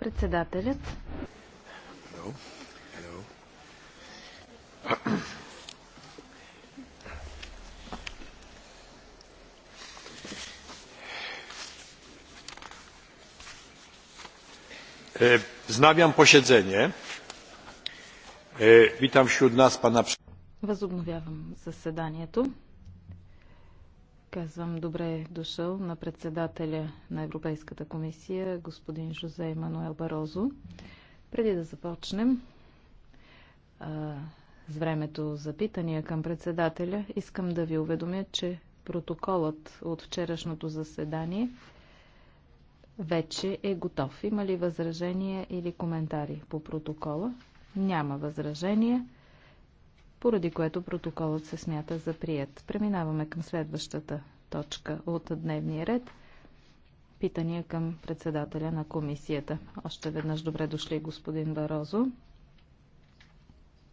Председателят. Hello. Hello. wznawiam posiedzenie witam wśród nas pana Възобновявам заседанието. Казвам добре дошъл на председателя на Европейската комисия, господин Жозе Мануел Барозо. Преди да започнем а, с времето за питания към председателя, искам да ви уведомя, че протоколът от вчерашното заседание вече е готов. Има ли възражения или коментари по протокола? Няма възражения поради което протоколът се смята за прият. Преминаваме към следващата точка от дневния ред. Питания към председателя на комисията. Още веднъж добре дошли господин Барозо.